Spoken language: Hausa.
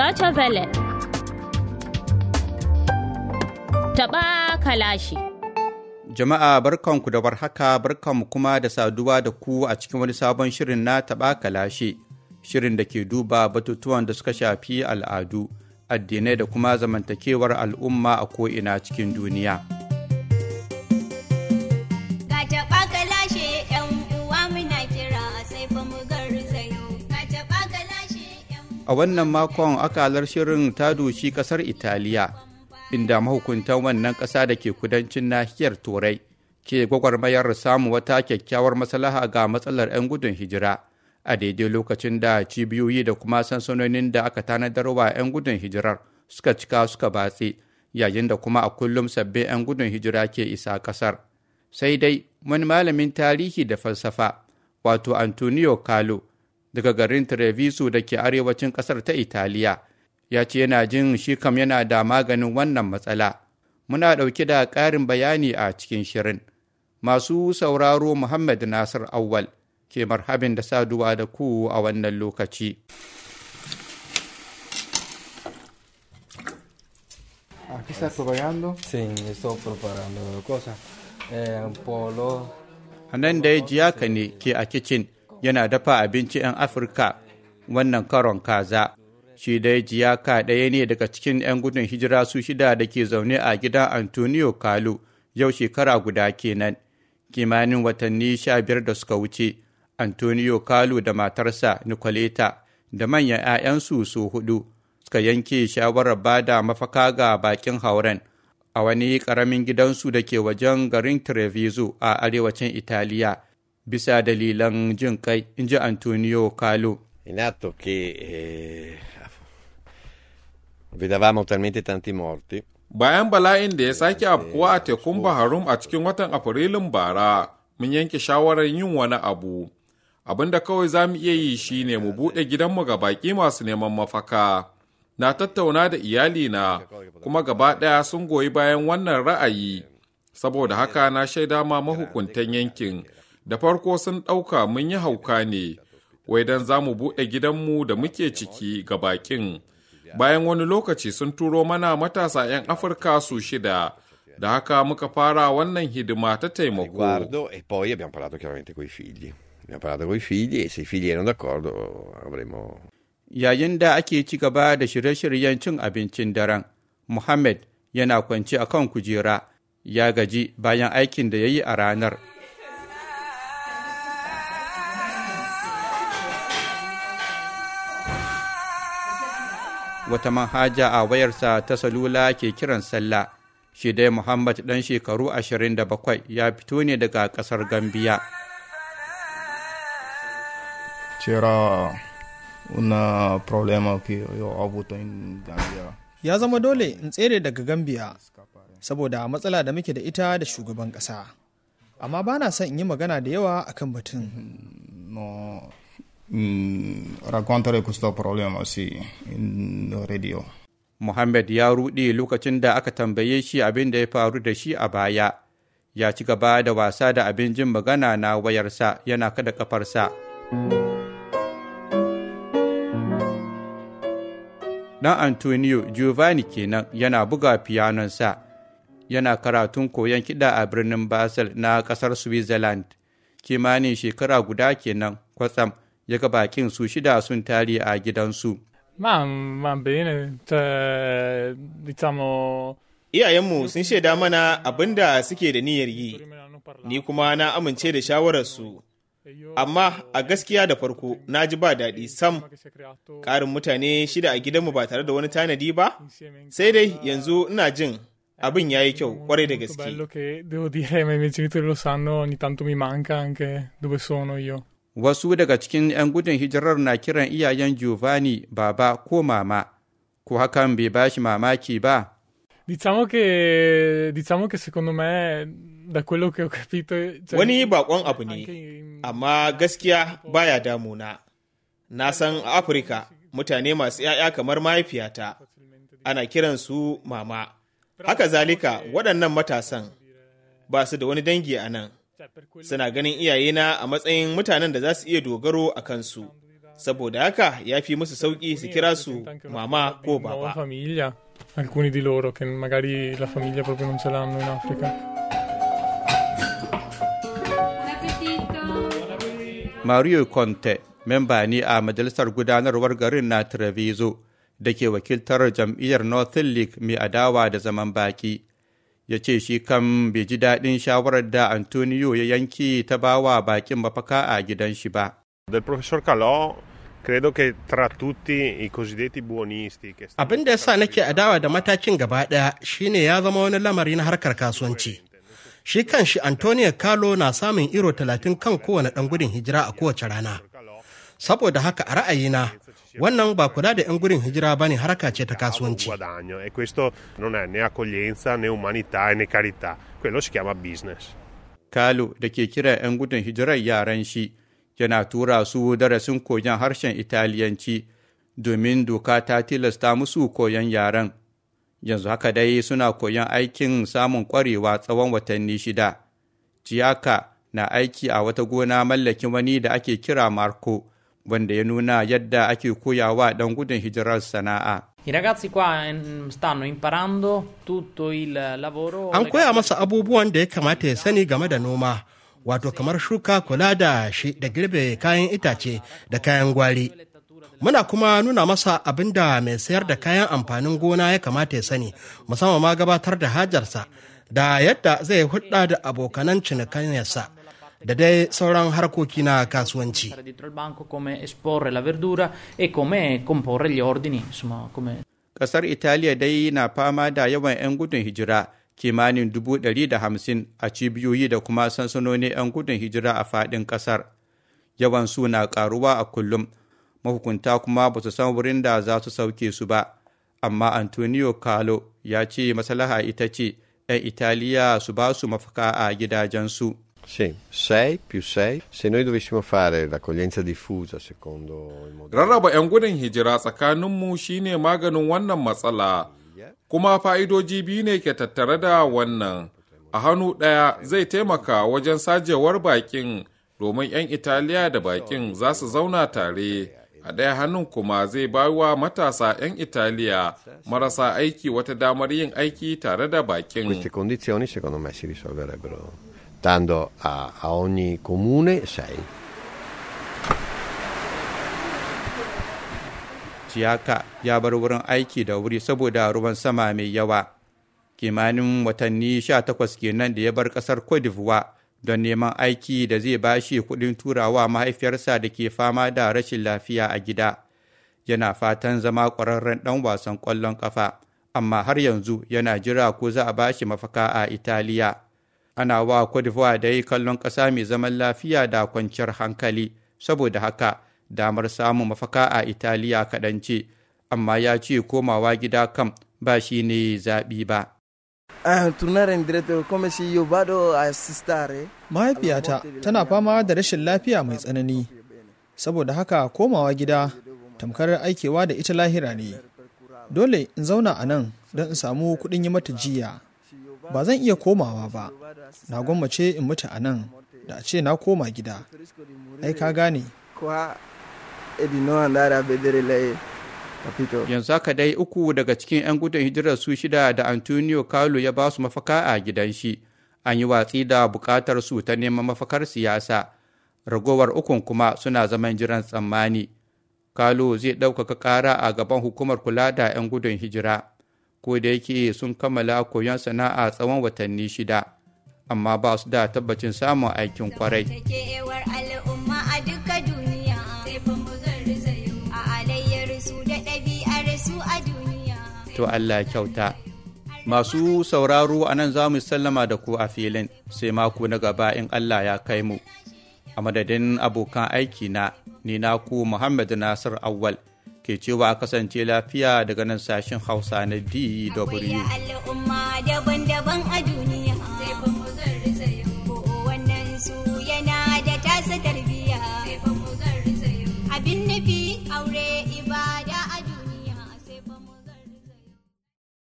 Deutsche Welle. Taɓa kalashi. Jama'a barkanku da warhaka barkanmu kuma da saduwa da ku a cikin wani sabon shirin na taɓa kalashi. Shirin da ke duba batutuwan da suka shafi al'adu, addinai da kuma zamantakewar al'umma a ko'ina cikin duniya. a wannan makon akalar shirin ta doshi kasar italiya inda mahukuntan wannan ƙasa da ke kudancin nahiyar turai ke gwagwarmayar samun wata kyakkyawar maslaha ga matsalar 'yan gudun hijira a daidai lokacin da cibiyoyi da kuma sansanonin da aka tanadarwa 'yan gudun hijirar suka cika suka batse yayin da kuma a kullum sabbin 'yan gudun hijira ke isa kasar sai dai wani malamin tarihi da falsafa wato antonio kalo daga garin Treviso da ke arewacin ƙasar ta Italiya. Ya ce yana jin shi kam yana da maganin wannan matsala. Muna ɗauke da ƙarin bayani a cikin shirin. Masu sauraro Muhammad Nasir Awwal ke marhabin da saduwa da ku a wannan lokaci. Eh, a nan da ya ji ne ke a kicin yana dafa abinci 'yan afirka wannan karon kaza shi dai ka ɗaya ne daga cikin 'yan gudun hijira su shida da ke zaune a gidan antonio kalu yau shekara guda kenan kimanin watanni sha biyar da suka wuce antonio kalu da matarsa nicoleta da manyan 'ya'yansu su hudu suka yanke shawarar bada mafaka ga bakin hauren a wani ƙaramin gidansu da ke wajen garin treviso a arewacin italiya bisa dalilan jin kai in ji antonio kalo eh, bayan bala'in da ya sake afkuwa a tekun baharum a cikin watan afrilun bara mun yanke shawarar yin wani abu abin da kawai za mu iya yi shine mu buɗe gidan mu ga baƙi masu neman mafaka na tattauna da iyalina kuma gaba ɗaya sun goyi bayan wannan ra'ayi saboda haka na shaida ma mahukuntan yankin da farko sun ɗauka mun yi hauka ne wai don za mu buɗe gidanmu da muke ciki ga bakin bayan wani lokaci sun turo mana matasa 'yan afirka su shida da haka muka fara wannan hidima ta taimako e e yayin da ake ci gaba da shirye-shiryen cin abincin daren muhammad yana kwance a kan kujera ya gaji bayan aikin da ya yi a ranar wata manhaja a wayarsa ta salula ke kiran sallah shi dai muhammad dan shekaru 27 ya fito ne daga kasar gambiya Ya zama dole in tsere daga gambiya saboda matsala da muke da ita da shugaban ƙasa. Amma ba na son in yi magana da yawa akan batun. Mm-hmm. Mm, ragwantare questo problema si in radio. Muhammad ya ruɗe lokacin da aka tambaye shi abin da ya faru da shi a baya. Ya ci gaba da wasa da abin jin magana na wayarsa yana kada kafarsa. Dan Antonio Giovanni kenan yana buga fiyanonsa Yana karatun koyon kiɗa a birnin Basel na ƙasar Switzerland. Kimanin shekara guda kenan kwatsam. ya ga bakin su shida sun tare a gidansu. Ma, Iyayenmu sun shaida mana abin da suke da niyyar yi, ni kuma na amince da shawararsu. Amma a gaskiya da farko na ji ba daɗi sam, ƙarin mutane shida a gidanmu ba tare da wani tanadi ba, sai dai yanzu ina jin abin ya yi kyau kwarai da gaske. Wasu daga cikin 'yan gudun hijirar na kiran iyayen Giovanni baba ko mama, ko hakan bai ba shi mamaki ba. Diciamo che, Wani bakon abu ne, amma gaskiya baya damuna. Na san a Afirka mutane masu 'ya'ya kamar mahaifiyata, ana kiran su mama. Haka zalika waɗannan matasan ba su da wani dangi a nan. Suna ganin iyayena a matsayin mutanen da za su iya dogaro a kansu. Saboda haka ya fi musu sauƙi su kira su mama ko baba. Mario Conte, memba ne a majalisar gudanarwar garin na Treviso da ke wakiltar jam'iyyar Northern League mai adawa da zaman baki. ya ce shi kan bai ji daɗin shawarar da antonio ya yanki ta bawa bakin mafaka a gidan shi ba del professor calò credo che tra tutti i cosiddetti buonisti abin da sa nake adawa da matakin gaba ɗaya shine ya zama wani lamari na harkar kasuwanci shi kan shi antonio kalo na samun iro talatin kan kowane ɗan gudun hijira a kowace rana saboda haka a ra'ayina Wannan ba kula da 'yan gurin hijira ba ne harka ce ta kasuwanci. E Kalo da ke kira 'yan gudun hijirar yaran shi yana tura su darasin koyon harshen Italiyanci domin doka ta tilasta musu koyon yaren. Yanzu haka dai suna koyon aikin samun kwarewa tsawon watanni shida. Ciyaka na aiki a wata gona mallakin wani da ake kira Marco wanda ya nuna yadda ake koyawa dan gudun hijirar sana'a. I ragazzi qua eh, stanno imparando tutto il lavoro. An koya masa abubuwan da ya kamata ya sani game da noma, wato kamar shuka kula da shi da girbe kayan itace da kayan gwari. Muna kuma nuna masa abin da mai sayar da kayan amfanin gona ya kamata ya sani, musamman ma gabatar da hajarsa da yadda zai hudda da abokanan cinikayyarsa. da dai sauran harkoki na kasuwanci. E kasar Italiya dai na fama da yawan 'yan gudun hijira kimanin dubu ɗari da hamsin a cibiyoyi da kuma sansanoni 'yan gudun hijira a faɗin ƙasar. Yawan su na ƙaruwa a kullum, mahukunta kuma ba su san wurin da za su sauke su ba. Amma Antonio Carlo ya ce masalaha ita ce 'yan Italiya su ba su mafaka a gidajensu. Sì, 6 più 6. Se noi dovessimo fare l'accoglienza diffusa secondo il modello. Rarraba 'yan gudun hijira tsakaninmu shine maganin wannan matsala, kuma fa'idoji biyu ne ke tattare da wannan. A hannu ɗaya zai taimaka wajen sajewar bakin domin 'yan Italiya da bakin za su zauna tare. A ɗaya hannun kuma zai bawa matasa 'yan Italiya marasa aiki wata damar yin aiki tare da bakin. Queste condizioni secondo me si risolverebbero dando a, a ogni comune 6. Ciyaka ya bar wurin aiki da wuri saboda ruwan sama mai yawa. Kimanin watanni sha takwas kenan da ya bar ƙasar Cote don neman aiki da zai ba shi kuɗin turawa mahaifiyarsa da ke fama da rashin lafiya a gida. Yana fatan zama ƙwararren ɗan wasan ƙwallon ƙafa, amma har yanzu yana jira ko za a ba shi mafaka a Italiya. ana wa Cote da yi kallon ƙasa mai zaman lafiya da kwanciyar hankali saboda haka damar samun mafaka a Italiya kaɗan ce amma ya ce komawa gida kam ba shi ne zaɓi ba. Eh? Mahaifiyata tana fama da rashin lafiya mai tsanani, saboda haka komawa gida tamkar aikewa da ita lahira ne. Dole in zauna a nan don in samu kuɗin yi mata jiya. ba zan iya komawa ba na gwammace in mutu a nan da a ce na koma gida ai ka gane yanzu haka dai uku daga cikin 'yan gudun hijirar su shida da antonio carlo ya ba su mafaka a gidan shi an yi watsi da bukatar su ta neman mafakar siyasa ragowar ukun kuma suna zaman jiran tsammani kalo zai ɗaukaka ƙara a gaban hukumar kula da 'yan gudun hijira ko da yake sun kammala koyon sana'a tsawon watanni shida amma ba su da tabbacin samun aikin kwarai to Allah kyauta masu sauraro a nan za mu sallama da ku a filin sai mako na gaba in Allah ya kai mu a madadin abokan aiki na ni na ku Muhammad Nasir Awwal ke cewa a kasance lafiya daga nan sashen hausa na dw al'umma daban-daban a duniya